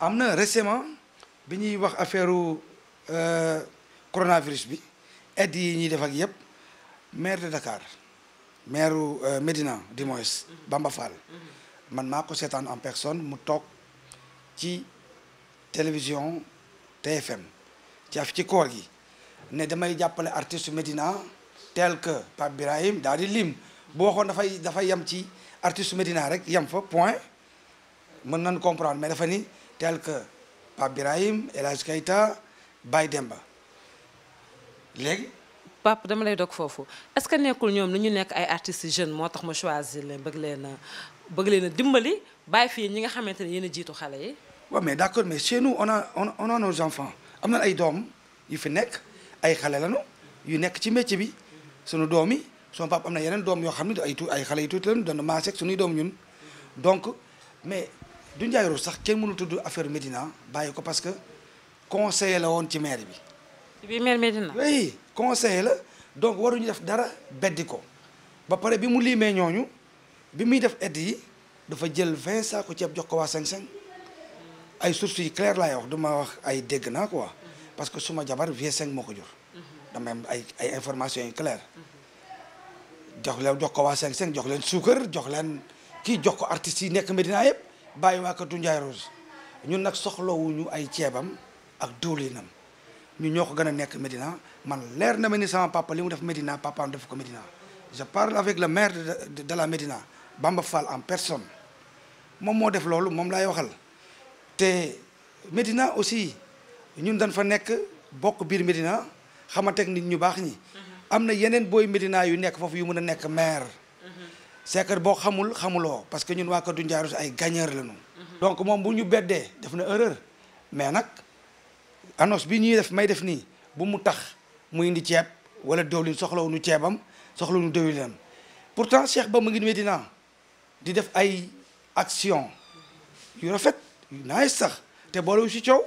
am na récemment bi ñuy wax affaire euh, coronavirus bi aide yi ñuy def ak yëpp maire de Dakar maire euh, Médina du moins Bamba Fall man maa ko seetaan en personne mu toog ci télévision TFM ci af ci koor gi ne damay jàppale artiste Médina tel que Pape Birahim daal di lim bu waxoon dafay dafay yem ci artiste Medina rek yem fa point mën nañ comprendre mais dafa ni tel que Pape Birahim El Hadj Keita Baye Demba léegi. Pape dama lay dog foofu est-ce que nekkul ñoom lu ñu nekk ay artistes jeunes moo tax ma choisir leen bëgg leen a bëgg leen dimbali baay fii ñi nga xamante ne yéen a jiitu xale yi. waaw mais d'accord mais chez nous on a on a am na ay doom yu fi nekk ay xale lañu yu nekk ci métier bi sunu doom yi. son papa am na yeneen doom yoo xam ne ay tu ay xale yu tuuti lañu doon maaseeg suñuy doom ñun donc mais du Ndiaye Rose sax kenn mënu tudd affaire Médina bàyyi ko parce que conseiller la woon ci maire bi. ci biir maire Médina. la donc waruñu def dara beddi ko ba pare bi mu liimee ñooñu bi muy def aide yi dafa jël vingt saako ceeb jox ko waa 55 ay sources yi claires laay wax duma wax ay dégg naa quoi parce que suma jabar V5 moo ko jur. Mhm. dama am ay ay informations yu claires. Mhm. jox leen ko waa 55 jox leen suukar jox leen kii jox ko artistes yi nekk Medina yëpp bàyyi waa Katu Ndiaye Rose ñun nag soxlawuñu ay ceebam ak diwlinam ñu ñoo ko gën a nekk Medina man leer na ma ni sama papa li mu def Medina papaam def ko Medina je avec le maire de de la Bamba Fall en personne moom moo def loolu moom laay waxal te médina aussi ñun dañ fa nekk bokk biir Medina xama nit ñu baax ñi. am na yeneen booy Médina yu nekk foofu yu mën a nekk maire c'est boo xamul xamuloo parce que ñun waa Kër Doundiaye Rose ay gagneur lañu donc moom bu ñu beddee def na erreur mais nag annonce bi ñuy def may def nii bu mu tax mu indi ceeb wala diwlin soxlawuñu ceebam soxlawuñu diwlinam pourtant Cheikh Ba mu ngi Médina di def ay action yu rafet yu nice sax te boolewu si coow.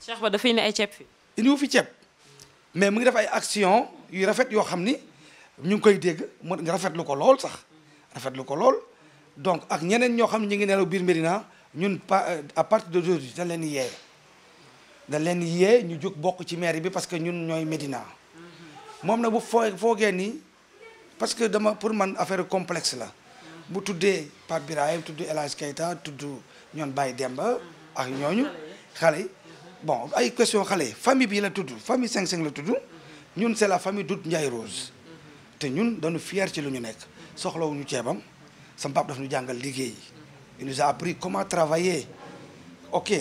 Cheikh Ba dafay ne ay ceeb fi. indiwu fi ceeb mais mu ngi def ay action yu rafet yoo xam ni ñu ngi koy dégg mu rafetlu ko lool sax rafetlu ko lool donc ak ñeneen ñoo xam ne ñu ngi nelaw biir Médina ñun pa à partir d'aujourd'hui dañ leen yee dañ leen yee ñu jóg bokk ci mairie bi parce que ñun ñooy Médina moom na bu foo foogee nii parce que dama pour man affaire complexe la bu tuddee Pape Birahim tudd El Hadj Keita tudd ñoon bay Demba ak ñooñu xale bon ay question xale famille bii la tudd famille cinq cinq la tudd ñun c'est la famille dut Ndiaye Rose te ñun dañu fier ci lu ñu nekk soxlawuñu ceebam sa pap daf ñu jàngal liggéey il nous a appris comment travailler ok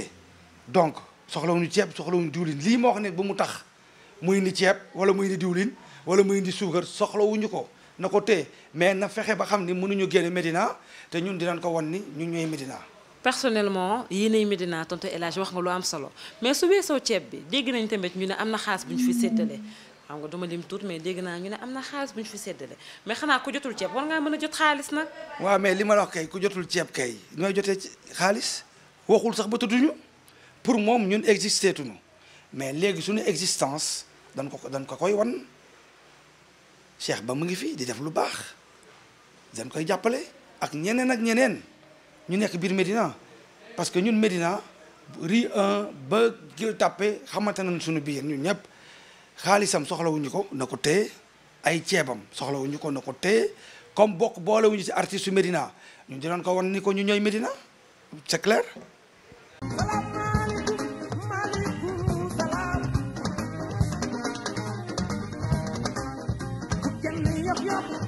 donc soxlawuñu ceeb soxlawuñu diwlin lii moo wax ne ba mu tax muy indi ceeb wala muy ni diwlin wala muy ni suukar soxlawuñu ko na ko téye mais na fexe ba xam ni mënuñu génne Médina te ñun di dinañ ko won ni ñu ñooy Médina. personnellement yii nay Médina tonton El wax nga lu am solo mais su weesoo ceeb bi dégg nañ tamit ñu ne am na xaas bu ñu fi séddale. xam nga duma lim tuut mais dégg naa ñu ne am na xaalis bu ñu fi séddale mais xanaa ko jotul ceeb war ngaa mën a jot xaalis nag. waaw mais li ma la wax kay ku jotul ceeb kay nooy jotee ci xaalis waxul sax ba tudduñu pour moom ñun existé tuñu mais léegi suñu existence dañ ko dañ ko koy wan Cheikh ba mu ngi fi di def lu baax dañ koy jàppale ak ñeneen ak ñeneen ñu nekk biir Médina parce que ñun Médina ri 1 ba Gueule Tapée xamante nañ suñu biir ñun ñëpp. xaalisam soxlawuñu ko na ko téye ay ceebam soxlawuñu ko na ko téye comme bokk boolewuñu ci artiste su Médina ñu dinoon ko wan ni ko ñu ñooy Médina c'est clair Yo, yo.